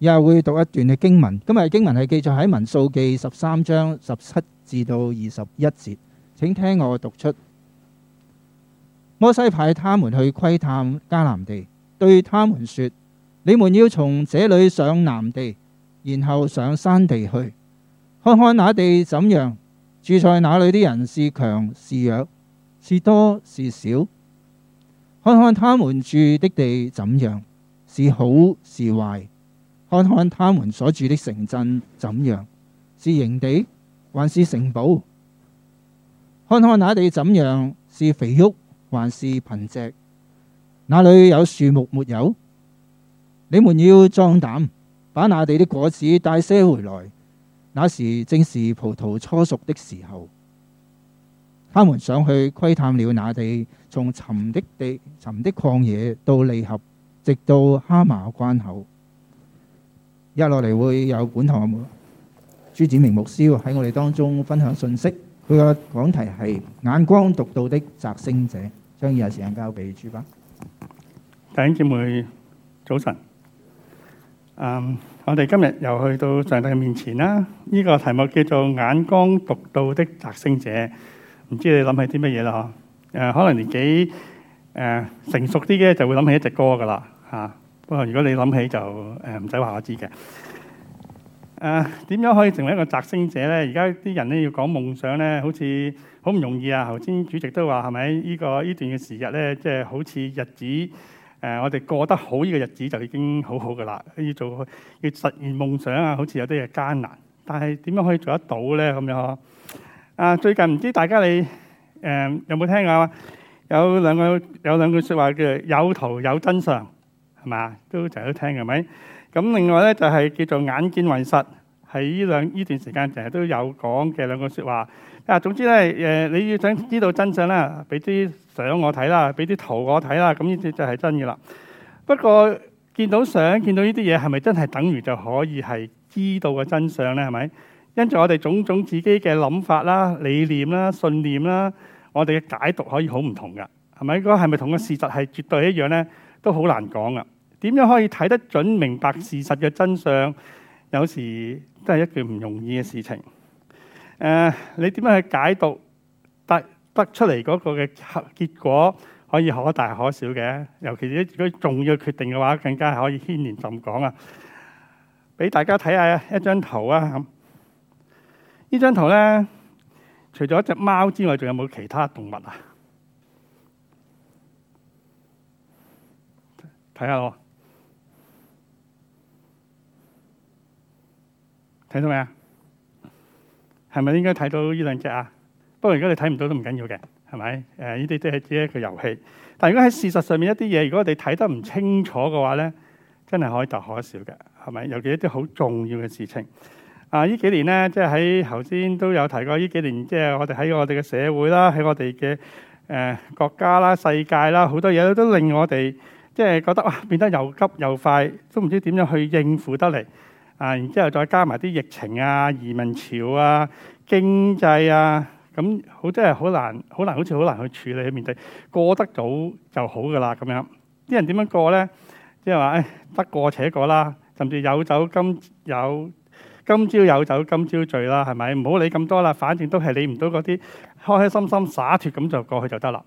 又會讀一段嘅經文，今日的經文係記載喺民數記十三章十七至到二十一節，請聽我讀出。摩西派他們去窺探迦南地，對他們說：你們要從這裏上南地，然後上山地去，看看那地怎樣，住在那裏的人是強是弱，是多是少，看看他們住的地怎樣，是好是壞。看看他們所住的城鎮怎樣，是營地還是城堡？看看那地怎樣，是肥沃還是貧瘠？那裡有樹木沒有？你們要壯膽，把那地的果子帶些回來。那時正是葡萄初熟的時候。他們上去窺探了那地，從沉的地、沉的曠野到利合，直到哈馬關口。而家落嚟會有本堂主朱子明牧師喎，喺我哋當中分享信息。佢個講題係《眼光獨到的摘星者》，將以下時間交俾朱哥。弟兄姊妹早晨。嗯，我哋今日又去到上帝嘅面前啦。呢個題目叫做《眼光獨到的摘星者》，唔知你諗起啲乜嘢啦？誒，可能年紀誒成熟啲嘅就會諗起一隻歌噶啦，嚇。哇！如果你諗起就誒唔使話，我知嘅誒點樣可以成為一個摘星者咧？而家啲人咧要講夢想咧，好似好唔容易啊！頭先主席都話係咪？呢個呢段嘅時日咧，即係好似日子誒，我哋過得好呢個日子就已經好好㗎喇。要做要實現夢想啊，好似有啲嘢艱難，但係點樣可以做得到咧？咁樣啊？最近唔知大家你誒有冇聽下有兩個有兩句説話叫有圖有真相？係嘛？都成日都聽係咪？咁另外咧就係、是、叫做眼見為實，係呢兩呢段時間成日都有講嘅兩個説話。啊，總之咧誒，你要想知道真相啦，俾啲相我睇啦，俾啲圖我睇啦，咁呢啲就係真嘅啦。不過見到相，見到呢啲嘢係咪真係等於就可以係知道嘅真相咧？係咪？因住我哋種種自己嘅諗法啦、理念啦、信念啦，我哋嘅解讀可以好唔同噶，係咪？嗰係咪同個事實係絕對一樣咧？都好難講啊！點樣可以睇得準、明白事實嘅真相，有時都係一件唔容易嘅事情。誒、呃，你點樣去解讀得得出嚟嗰個嘅結果，可以可大可小嘅。尤其是如果重要決定嘅話，更加係可以牽連甚廣啊！俾大家睇下一張圖啊！這張圖，呢張圖咧，除咗一隻貓之外，仲有冇其他動物啊？睇下咯，睇到未啊？係咪應該睇到呢兩隻啊？不過如果你睇唔到都唔緊要嘅，係咪？誒，呢啲都係只一個遊戲。但係如果喺事實上面一啲嘢，如果我哋睇得唔清楚嘅話咧，真係可大可小嘅，係咪？尤其一啲好重要嘅事情。啊，呢幾年咧，即係喺頭先都有提過，呢幾年即係我哋喺我哋嘅社會啦，喺我哋嘅誒國家啦、世界啦，好多嘢都令我哋。即係覺得哇，變得又急又快，都唔知點樣去應付得嚟啊！然之後再加埋啲疫情啊、移民潮啊、經濟啊，咁好即係好難、好難，好似好難去處理去面對。過得到就好噶啦，咁樣啲人點樣過咧？即係話誒，得過且過啦，甚至有酒今有，今朝有酒今朝醉啦，係咪？唔好理咁多啦，反正都係理唔到嗰啲，開開心心灑脱咁就過去就得啦。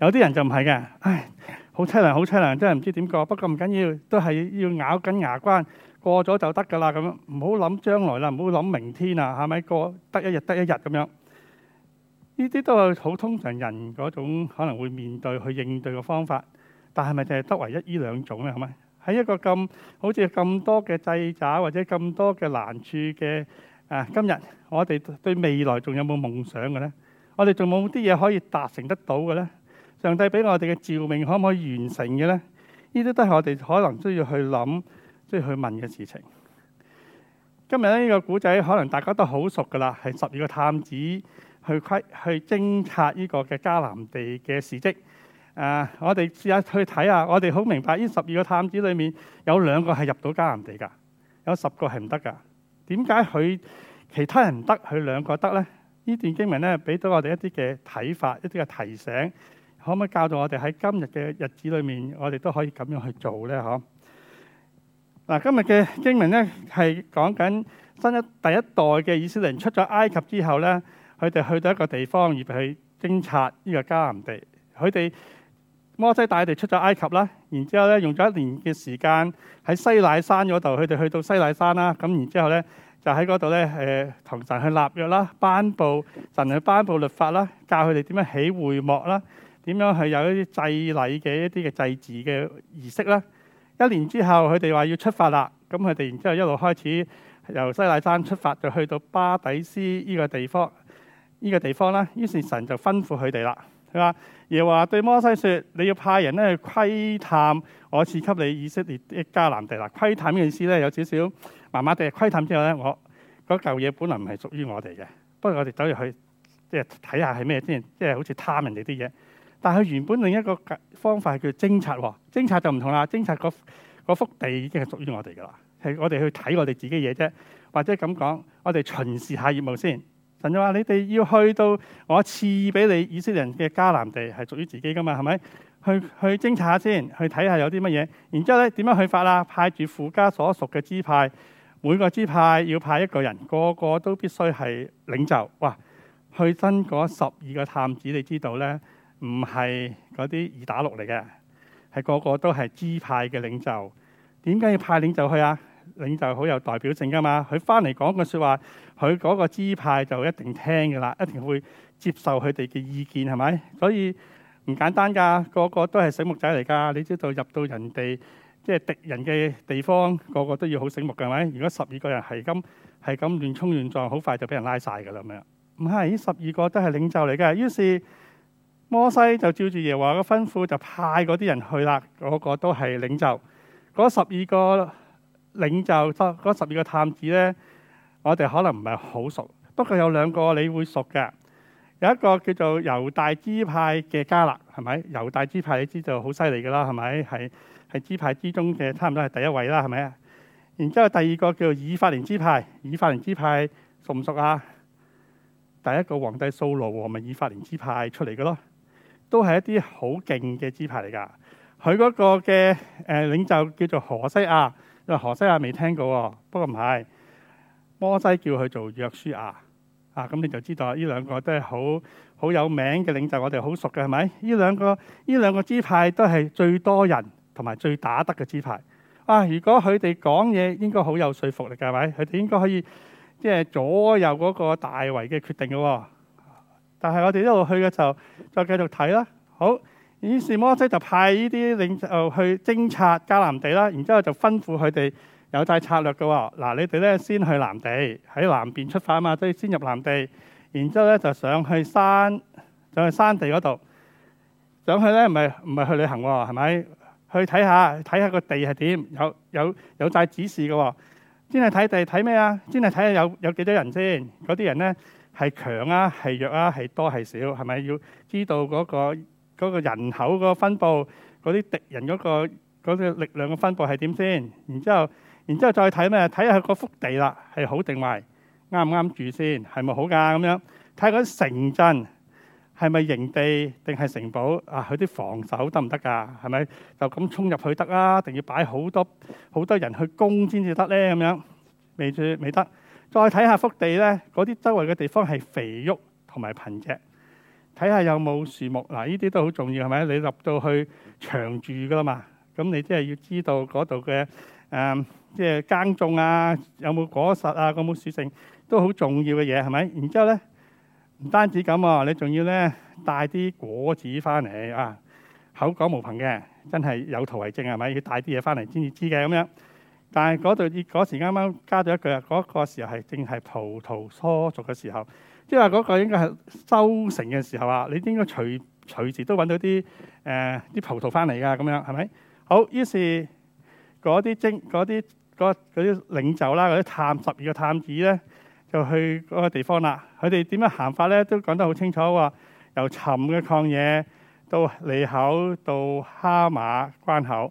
有啲人就唔係嘅，唉。好淒涼，好淒涼，真係唔知點過。不過唔緊要，都係要咬緊牙關過咗就得噶啦。咁樣唔好諗將來啦，唔好諗明天啊，係咪過得一日得一日咁樣？呢啲都係好通常人嗰種可能會面對去應對嘅方法。但係咪就係得唯一呢兩種咧？係咪喺一個咁好似咁多嘅掣肘或者咁多嘅難處嘅啊？今日我哋對未來仲有冇夢想嘅咧？我哋仲冇啲嘢可以達成得到嘅咧？上帝俾我哋嘅召命，可唔可以完成嘅咧？呢啲都係我哋可能需要去諗、需要去問嘅事情。今日咧呢個古仔，可能大家都好熟噶啦。係十二個探子去窺去偵察呢個嘅迦南地嘅事蹟。啊，我哋試下去睇下。我哋好明白呢十二個探子裡面有兩個係入到迦南地㗎，有十個係唔得㗎。點解佢其他人唔得，佢兩個得咧？呢段經文咧，俾到我哋一啲嘅睇法，一啲嘅提醒。可唔可以教到我哋喺今日嘅日子裏面，我哋都可以咁樣去做咧？嗬、啊、嗱，今日嘅經文咧係講緊新一第一代嘅以色列人出咗埃及之後咧，佢哋去到一個地方而去偵察呢個迦南地。佢哋摩西帶佢哋出咗埃及啦，然之後咧用咗一年嘅時間喺西奈山嗰度，佢哋去到西奈山啦。咁然之後咧就喺嗰度咧，誒、呃、同神去立約啦，頒布神去頒布律法啦，教佢哋點樣起會幕啦。點樣係有一啲祭禮嘅一啲嘅祭祀嘅儀式咧？一年之後，佢哋話要出發啦。咁佢哋然之後一路開始由西奈山出發，就去到巴底斯依個地方呢個地方啦。於是神就吩咐佢哋啦，佢話：耶和華對摩西説，你要派人咧去窺探我賜給你以色列的迦南地啦。窺探的呢件事咧，有點少少麻麻地，窺探之後咧，我嗰嚿嘢本來唔係屬於我哋嘅，不過我哋走入去即係睇下係咩先，即係好似探人哋啲嘢。但係佢原本另一個方法係叫偵察喎，偵察就唔同啦。偵察嗰幅地已經係屬於我哋㗎啦，係我哋去睇我哋自己嘢啫，或者咁講，我哋巡視下業務先。神就話：你哋要去到我賜俾你以色列人嘅迦南地，係屬於自己㗎嘛？係咪？去去偵察下先，去睇下有啲乜嘢。然之後咧，點樣去法啦？派住父家所屬嘅支派，每個支派要派一個人，個個都必須係領袖。哇！去真嗰十二個探子，你知道咧？唔係嗰啲二打六嚟嘅，係個個都係支派嘅領袖。點解要派領袖去啊？領袖好有代表性㗎嘛。佢翻嚟講句説話，佢嗰個支派就一定聽㗎啦，一定會接受佢哋嘅意見，係咪？所以唔簡單㗎。個個都係醒目仔嚟㗎。你知道入到人哋即係敵人嘅地方，個個都要好醒目㗎？係咪？如果十二個人係咁係咁亂衝亂撞，好快就俾人拉晒㗎啦咁樣。唔係，十二個都係領袖嚟㗎，於是。摩西就照住耶和華嘅吩咐，就派嗰啲人去啦。個、嗰個都係領袖。嗰十二個領袖，十二個探子咧，我哋可能唔係好熟。不過有兩個你會熟嘅，有一個叫做猶大支派嘅加勒，係咪？猶大支派你知就好犀利㗎啦，係咪？係係支派之中嘅差唔多係第一位啦，係咪？然之後第二個叫做以法蓮支派，以法蓮支派熟唔熟啊？第一個皇帝掃羅王咪以法蓮支派出嚟嘅咯？都係一啲好勁嘅支派嚟㗎，佢嗰個嘅誒領袖叫做何西亞，因為何西亞未聽過，不過唔係摩西叫佢做約書亞啊，咁你就知道呢兩個都係好好有名嘅領袖，我哋好熟嘅係咪？呢兩個呢兩個支派都係最多人同埋最打得嘅支派啊！如果佢哋講嘢，應該好有說服力㗎，係咪？佢哋應該可以即係、就是、左右嗰個大圍嘅決定嘅喎。但係我哋一路去嘅時候就再繼續睇啦。好，於是摩西就派呢啲領袖去偵察迦南地啦。然之後就吩咐佢哋有帶策略嘅喎。嗱，你哋咧先去南地喺南邊出發嘛，即係先入南地。然之後咧就上去山，上去山地嗰度上去咧，唔係唔係去旅行喎，係咪？去睇下睇下個地係點，有有有帶指示嘅喎。先係睇地，睇咩啊？先係睇下有有幾多人先嗰啲人咧。係強啊，係弱啊，係多係少，係咪要知道嗰個嗰個人口個分布，嗰啲敵人嗰個嗰個力量個分布係點先？然之後，然之後再去睇咩？睇下個腹地啦，係好定壞，啱唔啱住先？係咪好㗎咁樣？睇下嗰啲城鎮係咪營地定係城堡？啊，佢啲防守得唔得㗎？係咪就咁衝入去得啊？定要擺好多好多人去攻先至得咧？咁樣未？未得。再睇下福地咧，嗰啲周圍嘅地方係肥沃同埋貧瘠，睇下有冇樹木嗱，呢啲都好重要係咪？你入到去長住噶啦嘛，咁你即係要知道嗰度嘅誒，即係耕種啊，有冇果實啊，有冇樹性都好重要嘅嘢係咪？然之後咧，唔單止咁啊，你仲要咧帶啲果子翻嚟啊，口講無憑嘅，真係有圖為證係咪？要帶啲嘢翻嚟先至知嘅咁樣。但係嗰度，嗰時啱啱加咗一句啊！嗰、那個時候係正係葡萄初熟嘅時候，即係話嗰個應該係收成嘅時候啊！你應該隨隨時都揾到啲誒啲葡萄翻嚟㗎，咁樣係咪？好，於是嗰啲精啲啲領袖啦，嗰啲探十二個探子咧，就去嗰個地方啦。佢哋點樣行法咧？都講得好清楚喎！由尋嘅曠野到利口，到哈馬關口。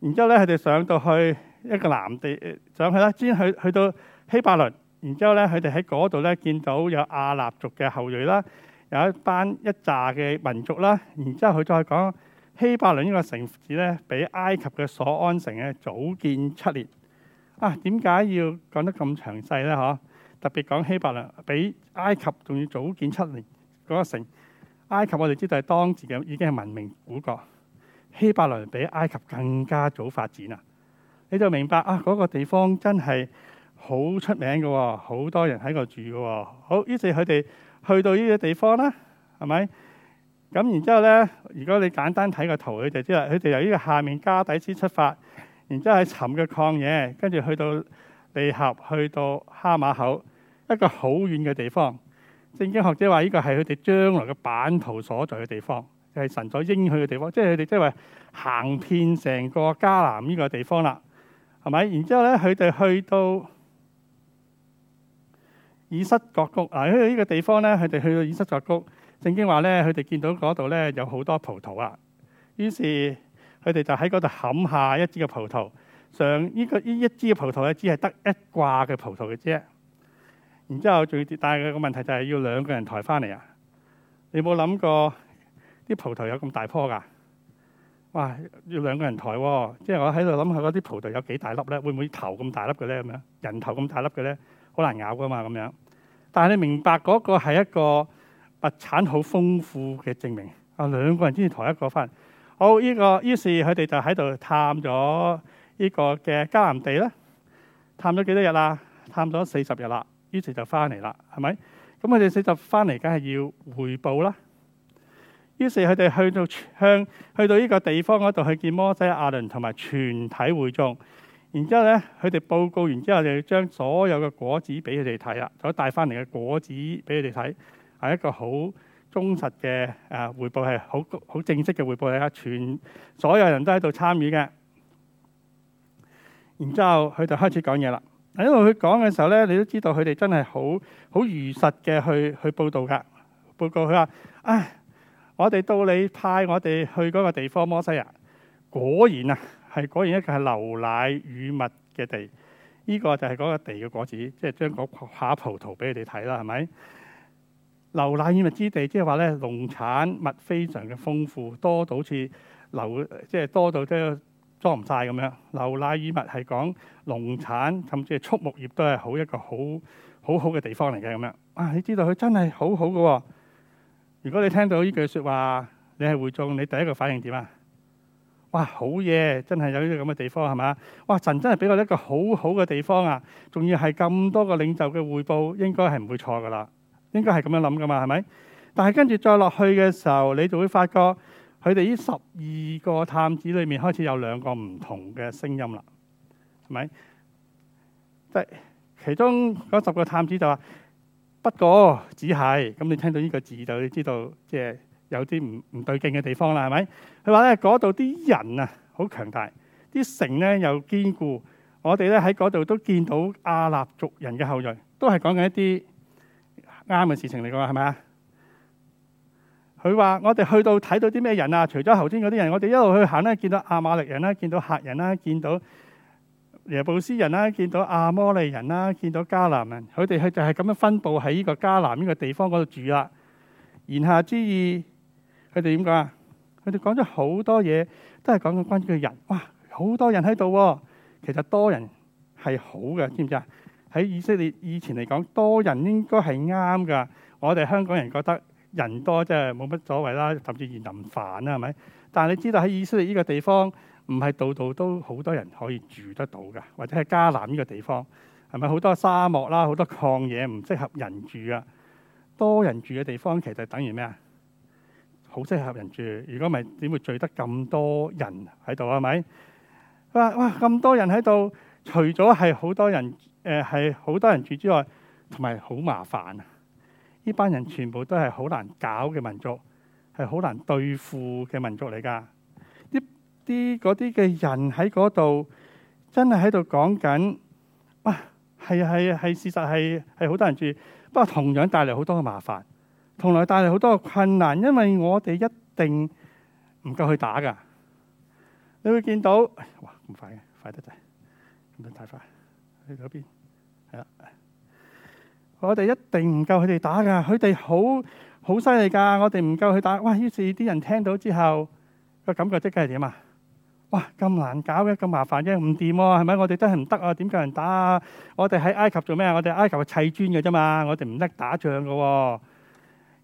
然之後咧，佢哋上到去一個南地上去啦，先去去到希伯倫。然之後咧，佢哋喺嗰度咧見到有亞納族嘅後裔啦，有一班一紮嘅民族啦。然之後佢再講希伯倫呢個城市咧，比埃及嘅索安城咧早建七年。啊，點解要講得咁詳細咧？嗬，特別講希伯倫比埃及仲要早建七年嗰個城。埃及我哋知道係當時嘅已經係文明古國。希伯崙比埃及更加早發展啊！你就明白啊，嗰、那個地方真係好出名嘅，好多人喺度住嘅。好，於是佢哋去到呢個地方啦，係咪？咁然之後咧，如果你簡單睇個圖，佢哋知啦。佢哋由呢個下面加底斯出發，然之後喺尋嘅曠野，跟住去到利合，去到哈馬口，一個好遠嘅地方。正經學者話呢個係佢哋將來嘅版圖所在嘅地方。係神咗鷹去嘅地方，即係佢哋即係話行遍成個迦南呢個地方啦，係咪？然之後咧，佢哋去到以塞各谷嗱，呢個呢個地方咧，佢哋去到以塞各谷，聖經話咧，佢哋見到嗰度咧有好多葡萄啊。於是佢哋就喺嗰度冚下一枝嘅葡萄，上呢個呢一枝嘅葡萄呢，只一只係得一掛嘅葡萄嘅啫。然之後仲要，但係個問題就係要兩個人抬翻嚟啊。你有冇諗過？啲葡萄有咁大棵噶，哇！要兩個人抬喎，哦，即係我喺度諗下嗰啲葡萄有幾大粒咧？會唔會頭咁大粒嘅咧？咁樣人頭咁大粒嘅咧，好難咬噶嘛咁樣。但係你明白嗰、那個係一個物產好豐富嘅證明啊！兩個人先至抬一個翻嚟。好，呢、這個於是佢哋就喺度探咗呢個嘅迦南地啦，探咗幾多日啦？探咗四十日啦，於是就翻嚟啦，係咪？咁佢哋四十翻嚟，梗係要回報啦。於是佢哋去到鄉，去到呢個地方嗰度，去見摩西、亞倫同埋全體會眾然。然之後咧，佢哋報告完之後，就將所有嘅果子俾佢哋睇啦，所帶翻嚟嘅果子俾佢哋睇，係一個好忠實嘅誒回報，係好好正式嘅回報嚟啊！全所有人都喺度參與嘅。然之後佢就開始講嘢啦。因為佢講嘅時候咧，你都知道佢哋真係好好如實嘅去去報道噶。報告，佢話啊～唉我哋到你派我哋去嗰個地方，摩西亞果然啊，係果然一個係流奶與蜜嘅地。呢個就係嗰個地嘅果子，即係將個下葡萄俾你哋睇啦，係咪？流奶與蜜之地，即係話咧農產物非常嘅豐富，多到好似流即係多到即係裝唔晒咁樣。流奶與蜜係講農產甚至係畜牧業都係好一個好好好嘅地方嚟嘅咁樣。啊，你知道佢真係好好嘅喎。如果你聽到呢句説話，你係會眾，你第一個反應點啊？哇，好嘢！真係有呢個咁嘅地方係嘛？哇，神真係俾我一個好好嘅地方啊！仲要係咁多個領袖嘅匯報，應該係唔會錯噶啦。應該係咁樣諗噶嘛，係咪？但係跟住再落去嘅時候，你就會發覺佢哋呢十二個探子裏面開始有兩個唔同嘅聲音啦，係咪？即係其中嗰十個探子就話。不過只係咁，你聽到呢個字就知道，即係有啲唔唔對勁嘅地方啦，係咪？佢話咧，嗰度啲人啊，好強大，啲城咧又堅固。我哋咧喺嗰度都見到亞納族人嘅後裔，都係講緊一啲啱嘅事情嚟㗎，係咪啊？佢話我哋去到睇到啲咩人啊？除咗頭先嗰啲人，我哋一路去行咧，見到亞馬力人啦，見到客人啦，見到。耶布斯人啦，見到阿摩利人啦，見到迦南人，佢哋係就係咁樣分佈喺呢個迦南呢個地方嗰度住啦。言下之意，佢哋點講啊？佢哋講咗好多嘢，都係講緊關於嘅人。哇，好多人喺度，其實多人係好嘅，知唔知啊？喺以色列以前嚟講，多人應該係啱噶。我哋香港人覺得人多即係冇乜所謂啦，甚至嫌人煩啦，係咪？但係你知道喺以色列呢個地方。唔係度度都好多人可以住得到嘅，或者係加納呢個地方係咪好多沙漠啦、啊，好多曠野唔適合人住啊？多人住嘅地方其實就等於咩啊？好適合人住，如果唔係點會聚得咁多人喺度啊？係咪？哇哇咁多人喺度，除咗係好多人誒係好多人住之外，同埋好麻煩啊！呢班人全部都係好難搞嘅民族，係好難對付嘅民族嚟㗎。啲嗰啲嘅人喺嗰度，真係喺度講緊，哇，係係係事實，係係好多人注意，不過同樣帶嚟好多嘅麻煩，同樣帶嚟好多嘅困難，因為我哋一定唔夠去打噶。你會見到哇，咁快嘅，快得滯，咁樣太快去到邊，係啦。我哋一定唔夠佢哋打噶，佢哋好好犀利噶，我哋唔夠佢打。哇，於是啲人聽到之後個感覺即係點啊？哇！咁難搞嘅，咁麻煩嘅，唔掂喎，係咪？我哋真係唔得啊！點叫人打啊？我哋喺埃及做咩啊？我哋埃及係砌磚嘅啫嘛，我哋唔叻打仗嘅喎。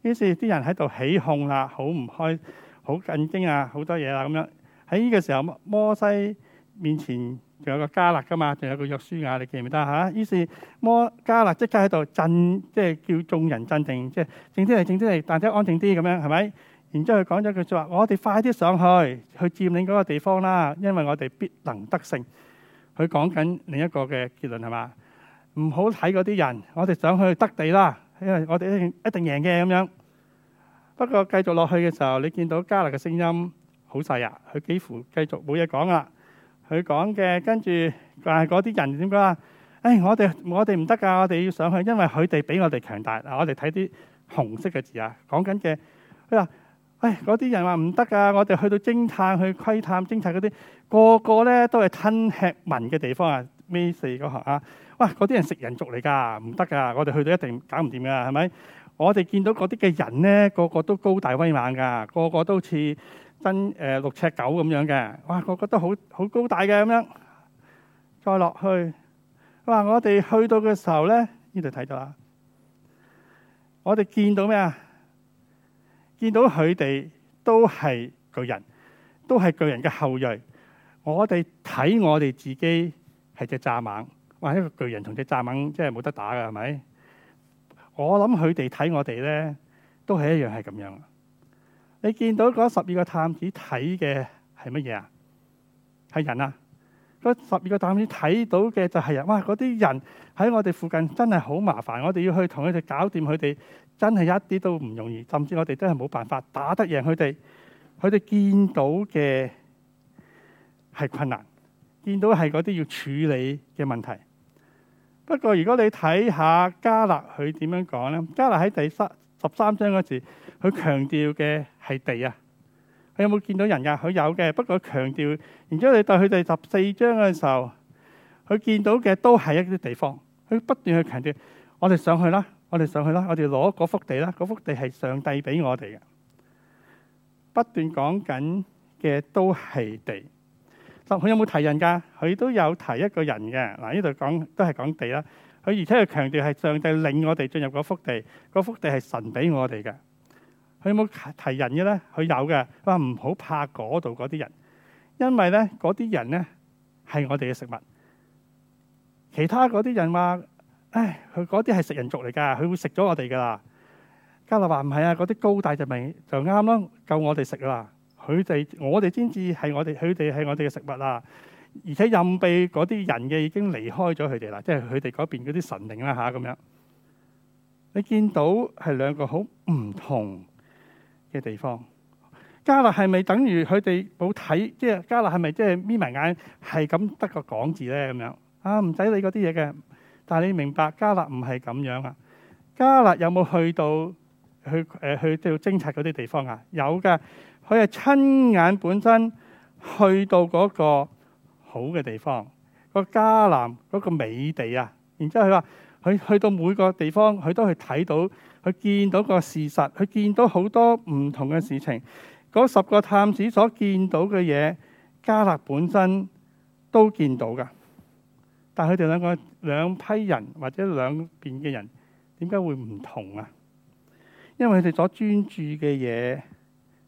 於是啲人喺度起哄啦，好唔開，好緊張啊，好多嘢啦咁樣。喺呢個時候，摩西面前仲有個迦勒㗎嘛，仲有個約書亞，你記唔記得嚇？於是摩迦勒即刻喺度鎮，即係叫眾人鎮定，即係靜啲嚟，靜啲嚟，大家安靜啲咁樣，係咪？然之後佢講咗句話：我哋快啲上去，去佔領嗰個地方啦，因為我哋必能得勝。佢講緊另一個嘅結論係嘛？唔好睇嗰啲人，我哋想去得地啦，因為我哋一定贏嘅咁樣。不過繼續落去嘅時候，你見到加勒嘅聲音好細啊，佢幾乎繼續冇嘢講啦。佢講嘅跟住，但係嗰啲人點講啊？誒，我哋我哋唔得㗎，我哋要上去，因為佢哋比我哋強大。嗱，我哋睇啲紅色嘅字啊，講緊嘅佢話。唉，嗰啲人話唔得噶，我哋去到偵探去窺探偵察嗰啲，個個咧都係吞吃民嘅地方啊！呢四個行啊，哇！嗰啲人食人族嚟噶，唔得噶，我哋去到一定搞唔掂噶，係咪？我哋見到嗰啲嘅人咧，個個都高大威猛噶，個個都好似真誒六尺九咁樣嘅，哇！我覺得好好高大嘅咁樣。再落去，哇！我哋去到嘅時候咧，呢度睇到啦，我哋見到咩啊？見到佢哋都係巨人，都係巨人嘅後裔。我哋睇我哋自己係隻蚱蜢，或者巨人同隻蚱蜢真係冇得打噶，係咪？我諗佢哋睇我哋咧，都係一樣係咁樣。你見到嗰十二個探子睇嘅係乜嘢啊？係人啊！嗰十二個探子睇到嘅就係人。哇！嗰啲人喺我哋附近真係好麻煩，我哋要去同佢哋搞掂佢哋。真係一啲都唔容易，甚至我哋真係冇辦法打得贏佢哋。佢哋見到嘅係困難，見到係嗰啲要處理嘅問題。不過如果你睇下迦勒佢點樣講呢？迦勒喺第三十三章嗰時，佢強調嘅係地啊。佢有冇見到人㗎？佢有嘅，不過強調。然之後你到佢第十四章嘅時候，佢見到嘅都係一啲地方。佢不斷去強調，我哋上去啦。我哋上去啦，我哋攞嗰幅地啦，嗰幅地係上帝俾我哋嘅。不斷講緊嘅都係地。咁佢有冇提人噶？佢都有提一個人嘅。嗱，呢度講都係講地啦。佢而且又強調係上帝領我哋進入嗰幅地，嗰幅地係神俾我哋嘅。佢有冇提人嘅咧？佢有嘅。佢話唔好怕嗰度嗰啲人，因為咧嗰啲人咧係我哋嘅食物。其他嗰啲人話。唉，佢嗰啲係食人族嚟㗎，佢會食咗我哋㗎啦。加勒話唔係啊，嗰啲高大就明就啱咯，夠我哋食啦。佢哋我哋先至係我哋，佢哋係我哋嘅食物啦。而且任被嗰啲人嘅已經離開咗佢哋啦，即係佢哋嗰邊嗰啲神靈啦嚇咁樣。你見到係兩個好唔同嘅地方。加勒係咪等於佢哋冇睇？即係加勒係咪即係眯埋眼？係咁得個講字咧咁樣？啊，唔使理嗰啲嘢嘅。但係你明白加勒唔係咁樣啊？加勒有冇去到去誒去到偵察嗰啲地方啊？有㗎，佢係親眼本身去到嗰個好嘅地方，個迦南嗰個美地啊！然之後佢話佢去到每個地方，佢都去睇到，佢見到個事實，佢見到好多唔同嘅事情。嗰十個探子所見到嘅嘢，加勒本身都見到㗎。但係佢哋兩個兩批人或者兩邊嘅人點解會唔同啊？因為佢哋所專注嘅嘢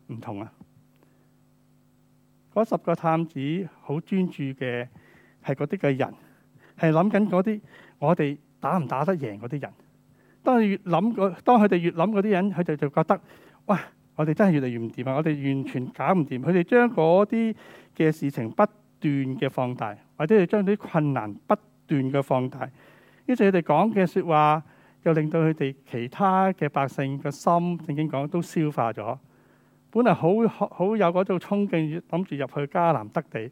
唔同啊。嗰十個探子好專注嘅係嗰啲嘅人，係諗緊嗰啲我哋打唔打得贏嗰啲人。當佢越諗嗰，當佢哋越諗嗰啲人，佢哋就覺得哇，我哋真係越嚟越唔掂啊！我哋完全搞唔掂。佢哋將嗰啲嘅事情不不斷嘅放大，或者係將啲困難不斷嘅放大，於是佢哋講嘅説話又令到佢哋其他嘅百姓個心，正經講都消化咗。本來好好有嗰種衝勁，諗住入去迦南得地，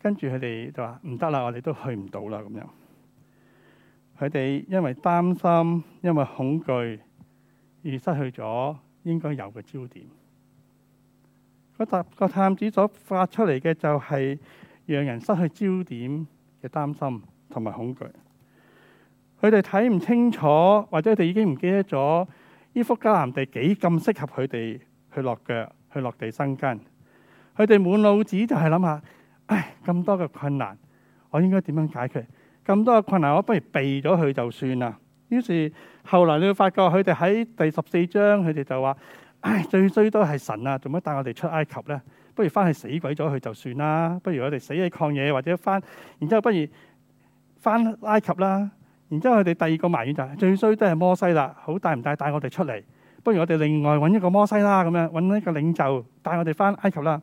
跟住佢哋就話唔得啦，我哋都去唔到啦咁樣。佢哋因為擔心，因為恐懼而失去咗應該有嘅焦點。個探個探子所發出嚟嘅就係。讓人失去焦點嘅擔心同埋恐懼，佢哋睇唔清楚，或者佢哋已經唔記得咗呢幅迦南地幾咁適合佢哋去落腳、去落地生根。佢哋滿腦子就係諗下，唉，咁多嘅困難，我應該點樣解決？咁多嘅困難，我不如避咗佢就算啦。於是後來你會發覺，佢哋喺第十四章，佢哋就話，唉，最衰都係神啊，做乜帶我哋出埃及呢？」不如返去死鬼咗佢就算啦，不如我哋死喺曠野，或者返，然之後不如返埃及啦。然之後佢哋第二個埋怨就係最衰都係摩西啦，好帶唔帶帶我哋出嚟？不如我哋另外揾一個摩西啦，咁樣揾一個領袖帶我哋返埃及啦。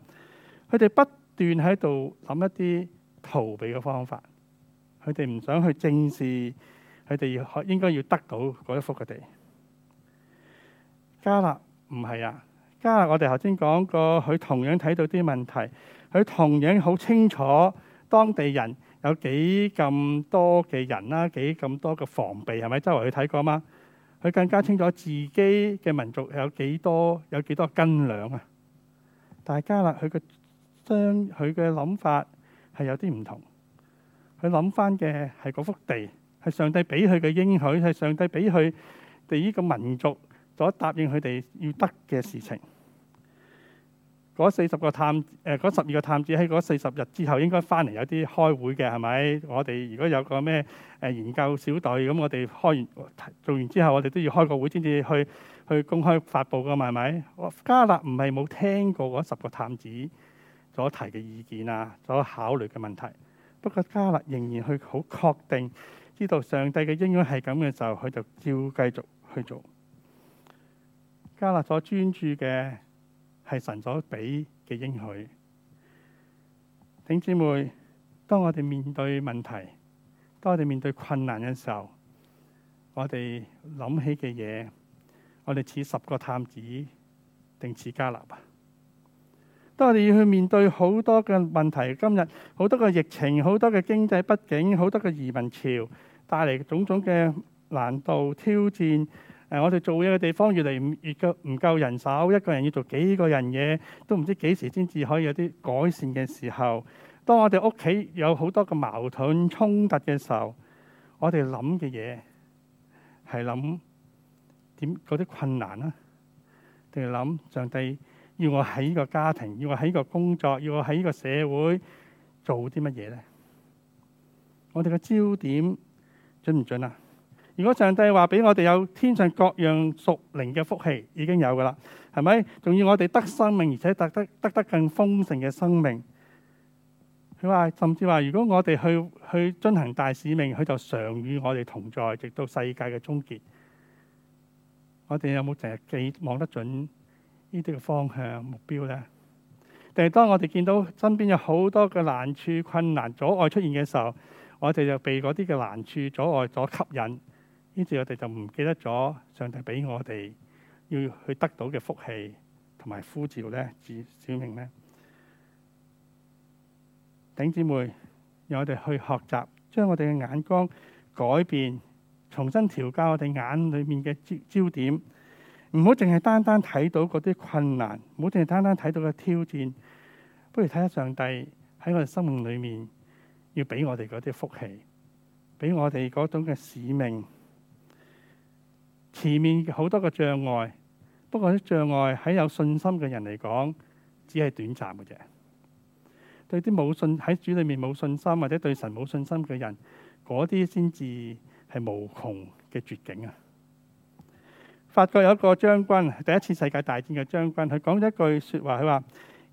佢哋不斷喺度諗一啲逃避嘅方法，佢哋唔想去正視，佢哋應該要得到嗰一幅嘅地。迦南唔係啊。加啦！我哋頭先講過，佢同樣睇到啲問題，佢同樣好清楚當地人有幾咁多嘅人啦，幾咁多嘅防備係咪？周圍去睇過嘛？佢更加清楚自己嘅民族有幾多，有幾多斤兩啊！大家啦，佢嘅將佢嘅諗法係有啲唔同。佢諗翻嘅係嗰幅地係上帝俾佢嘅應許，係上帝俾佢哋呢個民族所答應佢哋要得嘅事情。嗰四十個探誒嗰、呃、十二個探子喺嗰四十日之後應該翻嚟有啲開會嘅係咪？我哋如果有個咩誒研究小隊咁，我哋開完做完之後，我哋都要開個會先至去去公開發布㗎嘛，係咪？我加勒唔係冇聽過嗰十個探子所提嘅意見啊，所考慮嘅問題。不過加勒仍然去好確定，知道上帝嘅應允係咁嘅時候，佢就照繼續去做。加勒所專注嘅。係神所俾嘅應許，頂姊妹，當我哋面對問題，當我哋面對困難嘅時候，我哋諗起嘅嘢，我哋似十個探子定似迦勒吧？當我哋要去面對好多嘅問題，今日好多嘅疫情，好多嘅經濟不景，好多嘅移民潮帶嚟種種嘅難度挑戰。誒，我哋做嘢嘅地方越嚟越唔夠唔夠人手，一個人要做幾個人嘢，都唔知幾時先至可以有啲改善嘅時候。當我哋屋企有好多個矛盾衝突嘅時候，我哋諗嘅嘢係諗點嗰啲困難呀，定係諗上帝要我喺呢個家庭，要我喺呢個工作，要我喺呢個社會做啲乜嘢咧？我哋嘅焦點準唔準啊？如果上帝話俾我哋有天上各樣屬靈嘅福氣，已經有噶啦，係咪？仲要我哋得生命，而且得得得得更豐盛嘅生命。佢話甚至話，如果我哋去去進行大使命，佢就常與我哋同在，直到世界嘅終結。我哋有冇淨係寄望得準呢啲嘅方向目標呢？定係當我哋見到身邊有好多嘅難處、困難、阻礙出現嘅時候，我哋就被嗰啲嘅難處阻礙所吸引。於是，我哋就唔記得咗上帝俾我哋要去得到嘅福氣同埋呼召咧。小明咧，頂姊妹，讓我哋去學習，將我哋嘅眼光改變，重新調校我哋眼裏面嘅焦焦點。唔好淨係單單睇到嗰啲困難，唔好淨係單單睇到嘅挑戰。不如睇下上帝喺我哋生命裏面要俾我哋嗰啲福氣，俾我哋嗰種嘅使命。前面好多個障礙，不過啲障礙喺有信心嘅人嚟講，只係短暫嘅啫。對啲冇信喺主裏面冇信心或者對神冇信心嘅人，嗰啲先至係無窮嘅絕境啊！法國有一個將軍，第一次世界大戰嘅將軍，佢講咗一句說話，佢話，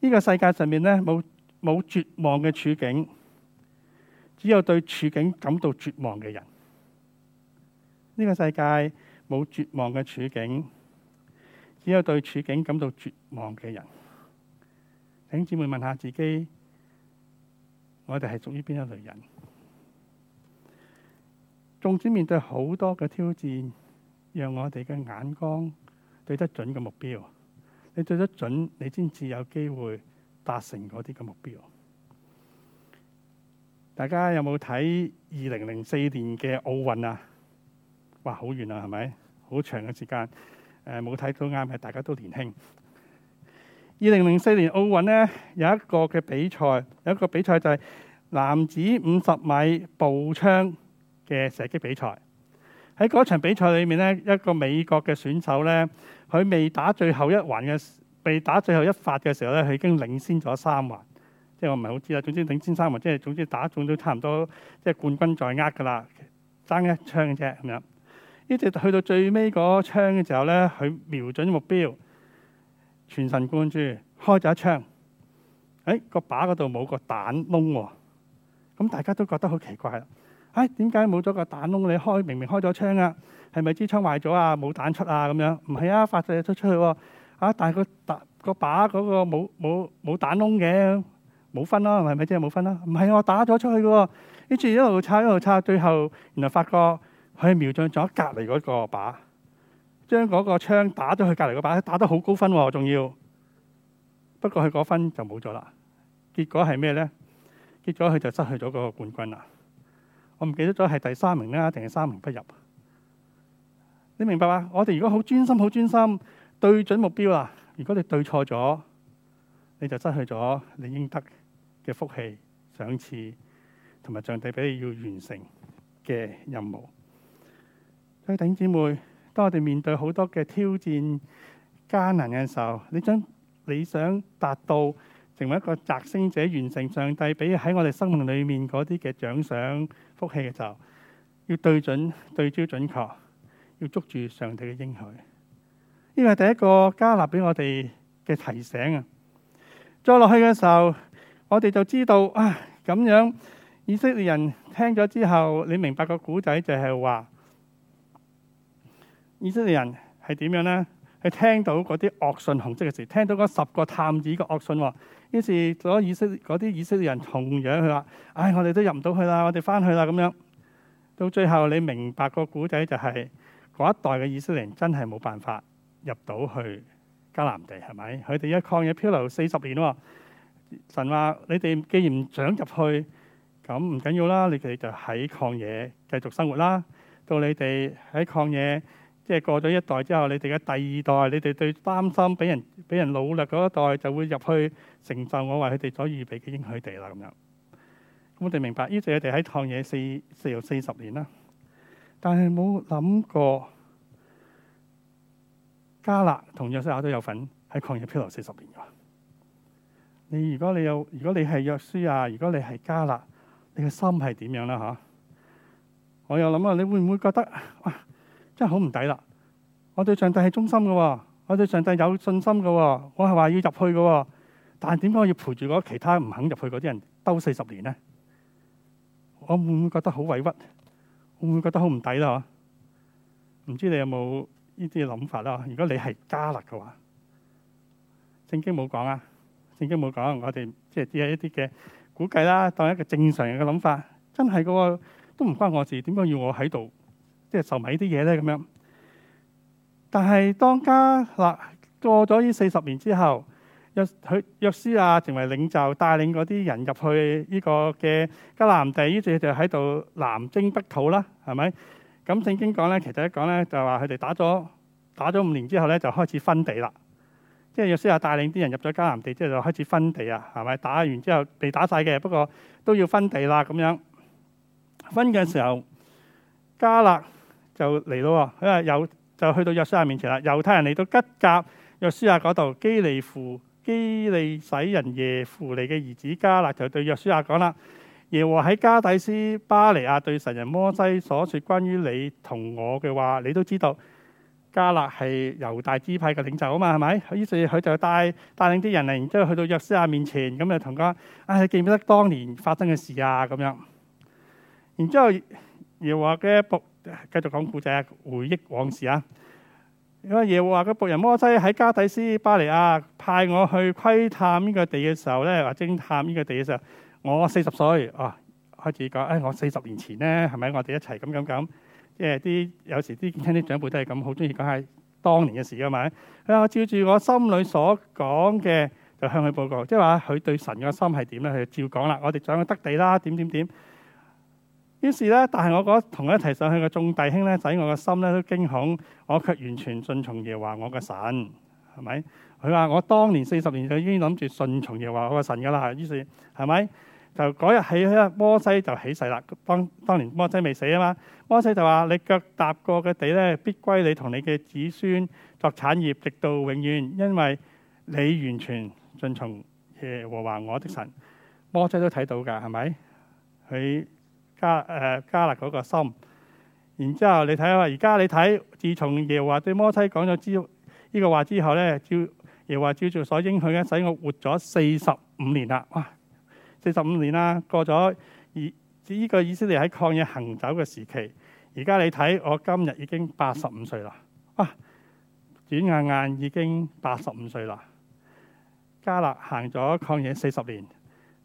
呢個世界上面咧冇冇絕望嘅處境，只有對處境感到絕望嘅人。呢個世界。冇絕望嘅處境，只有對處境感到絕望嘅人。請姊妹問下自己，我哋係屬於邊一類人？縱使面對好多嘅挑戰，讓我哋嘅眼光對得準嘅目標，你對得準，你先至有機會達成嗰啲嘅目標。大家有冇睇二零零四年嘅奧運啊？哇，好遠啊，係咪？好長嘅時間，誒，冇睇到，啱係，大家都年輕。二零零四年奧運咧，有一個嘅比賽，有一個比賽就係男子五十米步槍嘅射擊比賽。喺嗰場比賽裏面咧，一個美國嘅選手咧，佢未打最後一環嘅，未打最後一發嘅時候咧，佢已經領先咗三環。即係我唔係好知啦，總之領先三環，即係總之打中都差唔多，即係冠軍在握噶啦，爭一槍嘅啫咁樣。係咪？一直去到最尾嗰槍嘅時候咧，佢瞄準目標，全神貫注，開咗一槍。誒、哎，把個靶嗰度冇個彈窿喎。咁大家都覺得好奇怪啦。唉、哎，點解冇咗個彈窿？你開明，明明開咗槍啊，係咪支槍壞咗啊？冇彈出啊咁樣？唔係啊，發射嘢出出去喎、啊。啊，但係、嗰個靶靶嗰個冇冇冇彈窿嘅，冇分咯、啊，係咪先？冇分咯、啊。唔係我打咗出去嘅喎、啊。跟住一路拆一路拆，最後然後發覺。佢瞄準咗隔籬嗰個靶，將嗰個槍打咗去隔籬嗰靶，打得好高分喎，仲要。不過佢嗰分就冇咗啦。結果係咩咧？結果佢就失去咗嗰個冠軍啦。我唔記得咗係第三名啦，定係三名不入。你明白嘛？我哋如果好專心、好專心對準目標啦，如果你對錯咗，你就失去咗你應得嘅福氣、賞賜同埋上帝俾你要完成嘅任務。佢頂姐妹，當我哋面對好多嘅挑戰艱難嘅時候，你將理想達到成為一個摘星者、完成上帝，俾喺我哋生命裏面嗰啲嘅獎賞福氣嘅時候，要對準、對焦準確，要捉住上帝嘅應許，呢個係第一個加納俾我哋嘅提醒啊！再落去嘅時候，我哋就知道啊，咁樣以色列人聽咗之後，你明白個古仔就係話。以色列人係點樣呢？係聽到嗰啲惡訊紅色嘅事，聽到嗰十個探子嘅惡訊，於是所以色列啲以色列人同樣佢話：唉、哎，我哋都入唔到去啦，我哋翻去啦咁樣。到最後，你明白個古仔就係、是、嗰一代嘅以色列人真係冇辦法入到去迦南地係咪？佢哋一曠野漂流四十年，神話你哋既然唔想入去，咁唔緊要啦，你哋就喺曠野繼續生活啦。到你哋喺曠野。即係過咗一代之後，你哋嘅第二代，你哋對擔心俾人俾人老啦嗰一代就會入去成就我為佢哋所預備嘅應許地啦咁樣。我哋明白，於是佢哋喺曠野四漂四,四十年啦。但係冇諗過加勒同約書亞都有份喺曠野漂流四十年㗎。你如果你有，如果你係約書亞、啊，如果你係加勒，你嘅心係點樣啦？嚇，我又諗下，你會唔會覺得？哇真係好唔抵啦！我對上帝係忠心嘅，我對上帝有信心嘅，我係話要入去嘅。但係點解我要陪住嗰其他唔肯入去嗰啲人兜四十年咧？我會唔會覺得好委屈？會唔會覺得好唔抵咧？唔知你有冇呢啲諗法咧？如果你係加勒嘅話，聖經冇講啊！聖經冇講，我哋即係啲一啲嘅估計啦，當一個正常人嘅諗法，真係嗰個都唔關我事，點解要我喺度？即係受埋呢啲嘢咧咁樣，但係當加勒過咗呢四十年之後，約許約書亞成為領袖帶領嗰啲人入去呢個嘅迦南地，於是就喺度南征北討啦，係咪？咁聖經講咧，其實一講咧就係話佢哋打咗打咗五年之後咧，就開始分地啦。即係約書亞帶領啲人入咗迦南地，即係就開始分地啊，係咪？打完之後被打晒嘅，不過都要分地啦，咁樣分嘅時候，加勒。就嚟咯，佢話有就去到約書亞面前啦。猶太人嚟到吉甲約書亞嗰度，基利扶，基利洗人耶扶尼嘅兒子加勒就對約書亞講啦：耶和喺加底斯巴尼亞對神人摩西所說關於你同我嘅話，你都知道。加勒係猶大支派嘅領袖啊嘛，係咪？於是佢就帶帶領啲人嚟，然之後去到約書亞面前咁就同佢：唉、哎，你記唔記得當年發生嘅事啊？咁樣然之後，耶和嘅繼續講古仔，回憶往事啊！因為耶和華嘅僕人摩西喺加底斯巴利亞派我去窺探呢個地嘅時候咧，話偵探呢個地嘅時候，我四十歲啊、哦，開始講誒、哎，我四十年前咧，係咪我哋一齊咁咁咁？即係啲有時啲聽啲長輩都係咁，好中意講下當年嘅事，係咪？佢話我照住我心裏所講嘅就向佢報告，即係話佢對神嘅心係點咧？佢就照講啦，我哋就去得地啦，點點點。於是咧，但係我覺得同一齊上去嘅眾弟兄咧，使我嘅心咧都驚恐。我卻完全順從耶和華我嘅神，係咪？佢話我當年四十年就已經諗住順從耶和華我嘅神噶啦。係，於是係咪就嗰日起咧？摩西就起誓啦。當當年摩西未死啊嘛，摩西就話：你腳踏過嘅地咧，必歸你同你嘅子孫作產業，直到永遠，因為你完全順從耶和華我的神。摩西都睇到㗎，係咪？佢。加誒加勒嗰、呃、個心，然之後你睇下，而家你睇，自從耶和華對摩西講咗之呢個話之後咧，照耶和華照著所應許嘅，使我活咗四十五年啦。哇，四十五年啦，過咗以呢個以色列喺曠野行走嘅時期，而家你睇我今日已經八十五歲啦。哇，轉眼眼已經八十五歲啦。加勒行咗曠野四十年，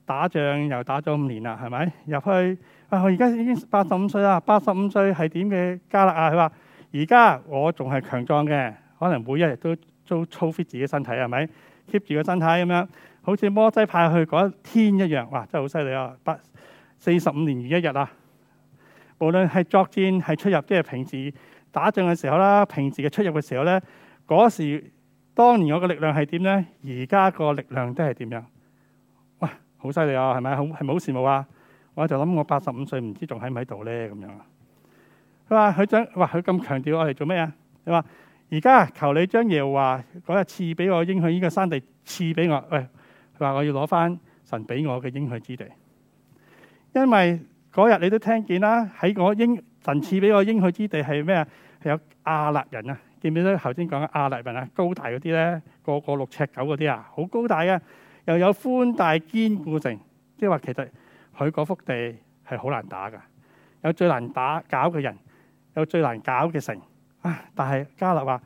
打仗又打咗五年啦，係咪入去？啊！我而家已經八十五歲啦，八十五歲係點嘅？迦勒啊！佢話：而家我仲係強壯嘅，可能每一日都都操 fit 自己身體係咪 keep 住個身體咁樣？好似摩西派去嗰天一樣，哇！真係好犀利啊！八四十五年如一日啊！無論係作戰係出入，即係平時打仗嘅時候啦，平時嘅出入嘅時候咧，嗰時當年我嘅力量係點咧？而家個力量都係點樣？哇！好犀利啊！係咪好係咪好羨慕啊？我就諗我八十五歲，唔知仲喺唔喺度咧？咁樣佢話佢將哇，佢咁強調我嚟做咩啊？佢話，而家求你將耶和華嗰日賜俾我應許呢個山地賜俾我。喂，佢話我要攞翻神俾我嘅應許之地，因為嗰日你都聽見啦。喺我應神賜俾我應許之地係咩啊？係有亞納人啊。記唔記得頭先講亞納人啊？高大嗰啲咧，個個六尺九嗰啲啊，好高大嘅，又有寬大堅固城，即係話其實。佢嗰幅地係好難打㗎，有最難打搞嘅人，有最難搞嘅城啊！但係加勒話：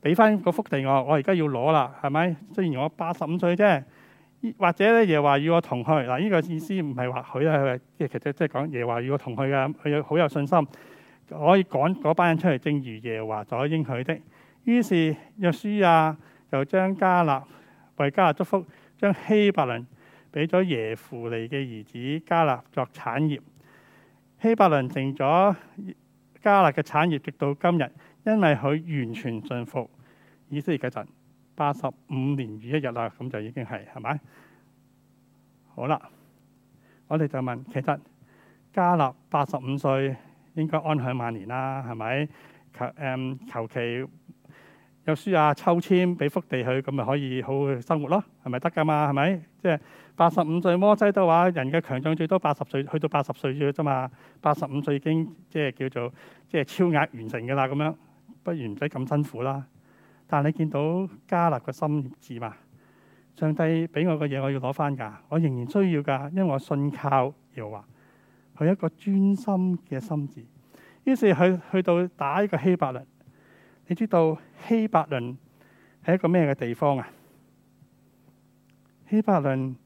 俾翻嗰幅地我，我而家要攞啦，係咪？雖然我八十五歲啫，或者咧，耶華與我同去嗱，呢個意思唔係話許佢，佢其實即係講耶華與我同去㗎，佢有好有信心可以趕嗰班人出嚟，正如耶華所應許的。於是約書亞就將加勒為加勒祝福，將希伯倫俾咗耶孚尼嘅兒子加勒作產業，希伯倫成咗加勒嘅產業，直到今日，因為佢完全信服。以色列繼續，八十五年如一日啦，咁就已經係係咪？好啦，我哋就問，其實加勒八十五歲應該安享晚年啦，係咪？求誒、嗯、求其。有書啊抽籤俾福地去，咁咪可以好,好生活咯，係咪得噶嘛？係咪？即係八十五歲摩西都話，人嘅強壯最多八十歲，去到八十歲啫嘛。八十五歲已經即係、即係、叫做即係、即係、超額完成㗎啦。咁樣不如唔使咁辛苦啦。但係你見到迦勒嘅心志嘛？上帝俾我嘅嘢，我要攞翻㗎，我仍然需要㗎，因為我信靠耶和華，係一個專心嘅心志，於是去去到打呢個希伯倫。你知道希伯倫係一個咩嘅地方啊？希伯倫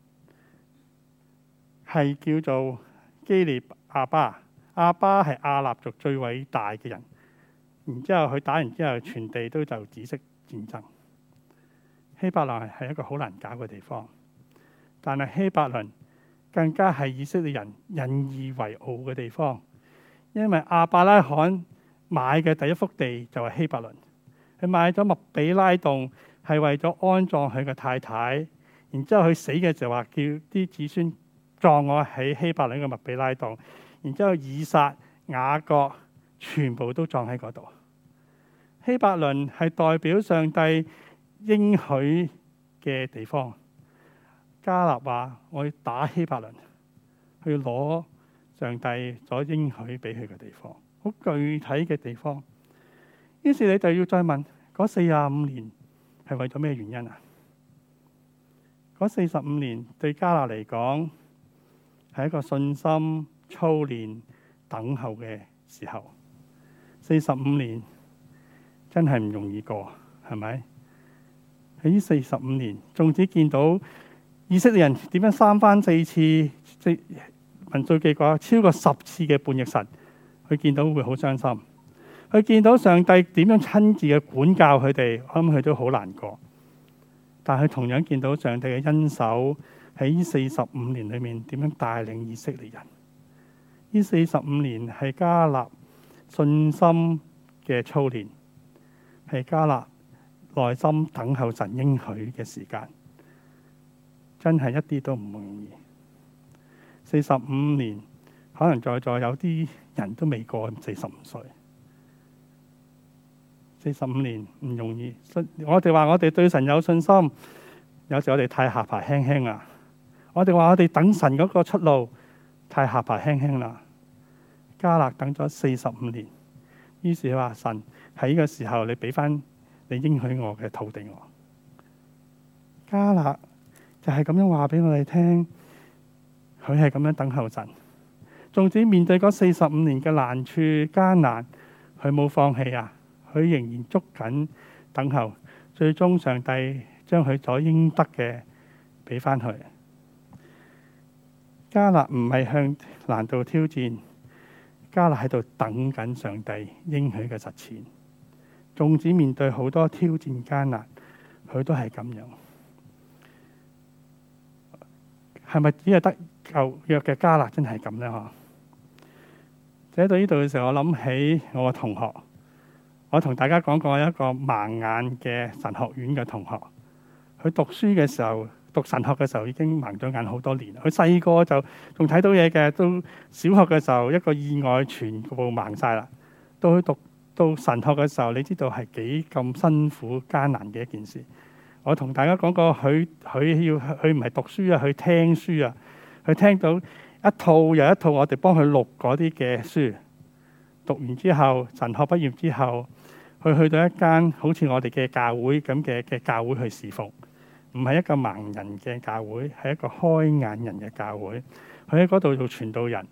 係叫做基利亞巴，亞巴係亞納族最偉大嘅人。然之後佢打完之後，全地都就紫色戰爭。希伯倫係一個好難搞嘅地方，但係希伯倫更加係以色列人引以為傲嘅地方，因為亞伯拉罕。買嘅第一幅地就係希伯倫，佢買咗麥比拉洞係為咗安葬佢嘅太太，然之後佢死嘅就話叫啲子孫葬我喺希伯倫嘅麥比拉洞，然之後以撒、雅各全部都葬喺嗰度。希伯倫係代表上帝應許嘅地方。迦勒話我要打希伯倫，去攞上帝所應許俾佢嘅地方。好具體嘅地方，於是你就要再問：嗰四十五年係為咗咩原因啊？嗰四十五年對迦勒嚟講係一個信心操練、等候嘅時候。四十五年真係唔容易過，係咪？喺呢四十五年，仲只見到以色列人點樣三番四次即民數記話超過十次嘅叛逆神。佢見到會好傷心，佢見到上帝點樣親自嘅管教佢哋，我諗佢都好難過。但佢同樣見到上帝嘅恩手喺呢四十五年裏面點樣帶領以色列人。呢四十五年係加勒信心嘅操練，係加勒耐心等候神應許嘅時間，真係一啲都唔容易。四十五年可能在座有啲。人都未過四十五歲45，四十五年唔容易。我哋話我哋對神有信心，有時我哋太下爬輕輕啦。我哋話我哋等神嗰個出路太下爬輕輕啦。迦勒等咗四十五年，於是話神喺呢個時候你俾翻你應許我嘅土地我。迦勒就係咁樣話俾我哋聽，佢係咁樣等候神。縱使面對嗰四十五年嘅難處艱難，佢冇放棄啊！佢仍然捉緊等候，最終上帝將佢所應得嘅俾返佢。加勒唔係向難度挑戰，加勒喺度等緊上帝應許嘅實踐。縱使面對好多挑戰艱難，佢都係咁樣。係咪只係得舊約嘅加勒真係咁咧？嗬？喺到呢度嘅時候，我諗起我個同學，我同大家講過一個盲眼嘅神學院嘅同學。佢讀書嘅時候，讀神學嘅時候已經盲咗眼好多年。佢細個就仲睇到嘢嘅，都小學嘅時候一個意外全部盲晒啦。到佢讀到神學嘅時候，你知道係幾咁辛苦艱難嘅一件事。我同大家講過，佢佢要佢唔係讀書啊，佢聽書啊，佢聽到。一套又一套，我哋幫佢錄嗰啲嘅書。讀完之後，神學畢業之後，佢去到一間好似我哋嘅教會咁嘅嘅教會去侍奉，唔係一個盲人嘅教會，係一個開眼人嘅教會。佢喺嗰度做傳道人，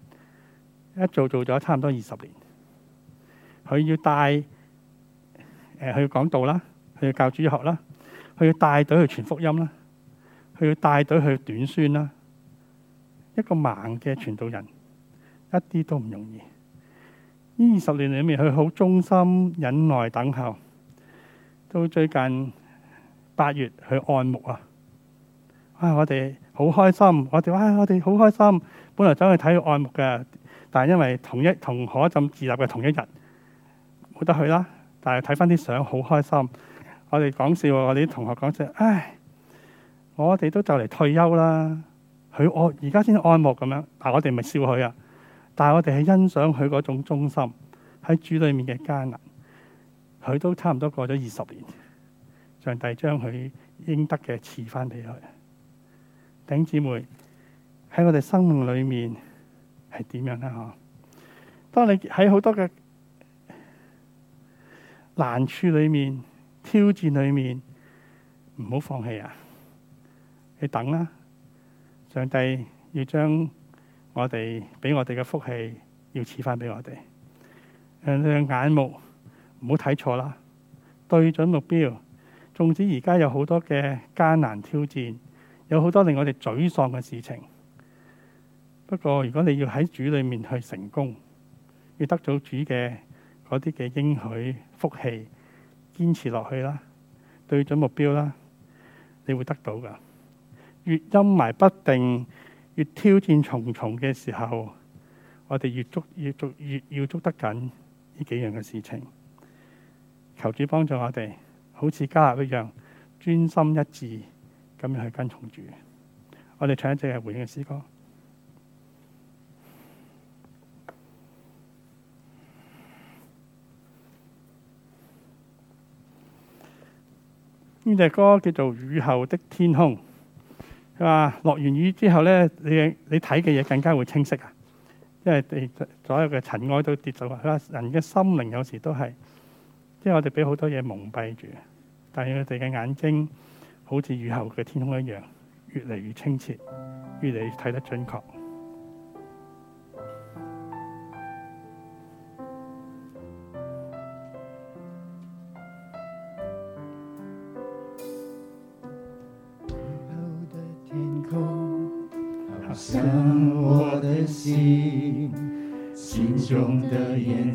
一做做咗差唔多二十年。佢要帶，誒、呃，佢要講道啦，佢要教主學啦，佢要帶隊去傳福音啦，佢要帶隊去短宣啦。一個盲嘅傳道人，一啲都唔容易。呢二十年裏面，佢好忠心忍耐等候，到最近八月去按牧啊！啊、哎，我哋好開心，我哋啊、哎，我哋好開心。本來走去睇按牧嘅，但係因為同一同何朕自立嘅同一日，冇得去啦。但係睇翻啲相好開心。我哋講笑，我哋啲同學講笑，唉、哎，我哋都就嚟退休啦。佢我而家先按摩咁樣，但我哋咪笑佢啊！但係我哋係欣賞佢嗰種忠心喺主裏面嘅艱難，佢都差唔多過咗二十年，上帝將佢應得嘅賜翻俾佢。弟兄姊妹喺我哋生命裏面係點樣呀？當當你喺好多嘅難處裏面、挑戰裏面，唔好放棄啊！你等啦。上帝要將我哋俾我哋嘅福氣，要賜翻俾我哋。誒，你眼目唔好睇錯啦，對準目標。縱使而家有好多嘅艱難挑戰，有好多令我哋沮喪嘅事情。不過，如果你要喺主裏面去成功，要得到主嘅嗰啲嘅應許福氣，堅持落去啦，對準目標啦，你會得到㗎。越陰霾不定，越挑戰重重嘅時候，我哋越捉越捉越要捉得緊呢幾樣嘅事情。求主幫助我哋，好似迦勒一樣專心一致咁樣去跟從主。我哋唱一隻係回應嘅詩歌，呢隻歌叫做《雨後的天空》。話落完雨之後咧，你你睇嘅嘢更加會清晰啊！因為地所有嘅塵埃都跌咗落去啦，人嘅心靈有時都係，即係我哋俾好多嘢蒙蔽住，但係佢哋嘅眼睛好似雨後嘅天空一樣，越嚟越清澈，越嚟越睇得準確。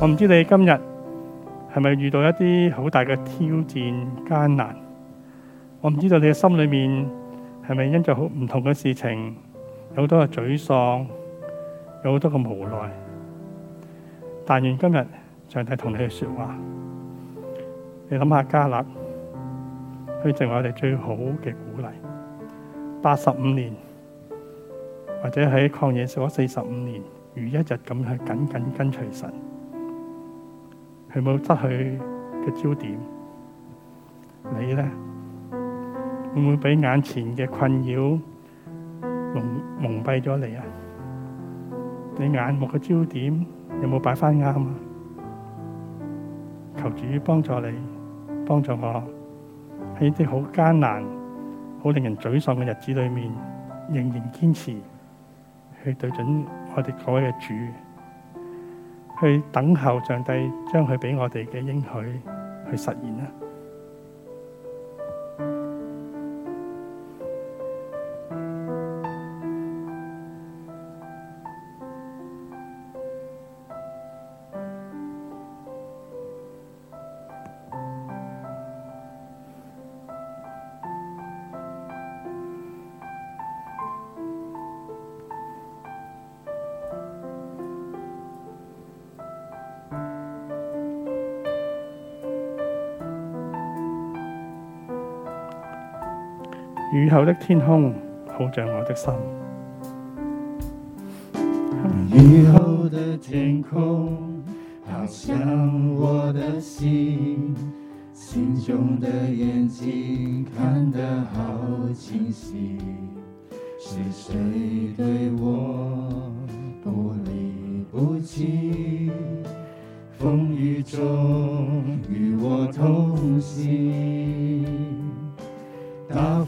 我唔知你今日係咪遇到一啲好大嘅挑戰艱難，我唔知道你嘅心裏面係咪因着好唔同嘅事情，有好多嘅沮喪，有好多嘅無奈。但願今日上帝同你去說話，你諗下加勒，佢成為我哋最好嘅鼓勵。八十五年，或者喺曠野色列四十五年，如一日咁去緊緊跟隨神。係沒冇失去嘅焦點，你呢？會唔會畀眼前嘅困擾蒙蒙蔽咗你啊？你眼目嘅焦點有冇有擺返啱啊？求主幫助你，幫助我喺啲好艱難、好令人沮喪嘅日子裏面，仍然堅持去對準我哋各位嘅主。去等候上帝將佢俾我哋嘅應許去實現啦。雨後的天空，好像我的心。雨後的天空，好像我的心。心中的眼睛看得好清晰，是誰對我不離不棄？風雨中與我同行。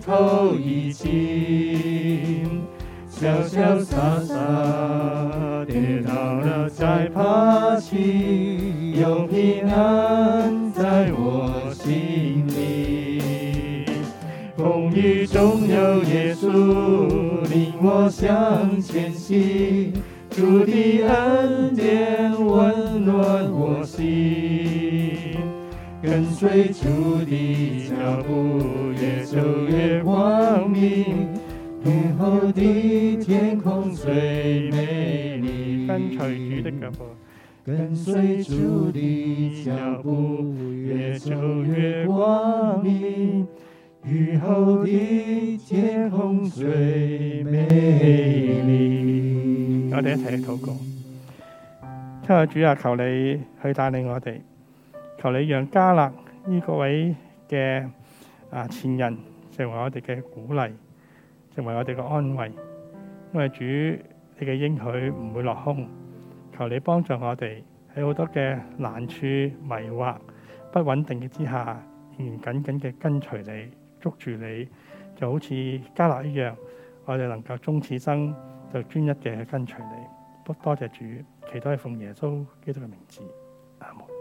頭一輕，瀟瀟灑灑，跌倒了再爬起，有平安在我心裏。風雨中有耶穌領我向前行，主的恩典温暖我心，跟隨主的腳步，耶穌。光明，雨後的天空最美麗。跟隨主的腳步，跟隨主的腳步，越走越光明。雨後的天空最美麗。我哋一齊去禱告，親愛的主啊，求你去帶領我哋，求你讓加勒呢各位嘅啊前人。成為我哋嘅鼓勵，成為我哋嘅安慰，因為主你嘅應許唔會落空。求你幫助我哋喺好多嘅難處、迷惑、不穩定嘅之下，仍然緊緊嘅跟隨你，捉住你，就好似迦勒一樣，我哋能夠終此生就專一嘅去跟隨你。多謝主，祈禱係奉耶穌基督嘅名字，阿門。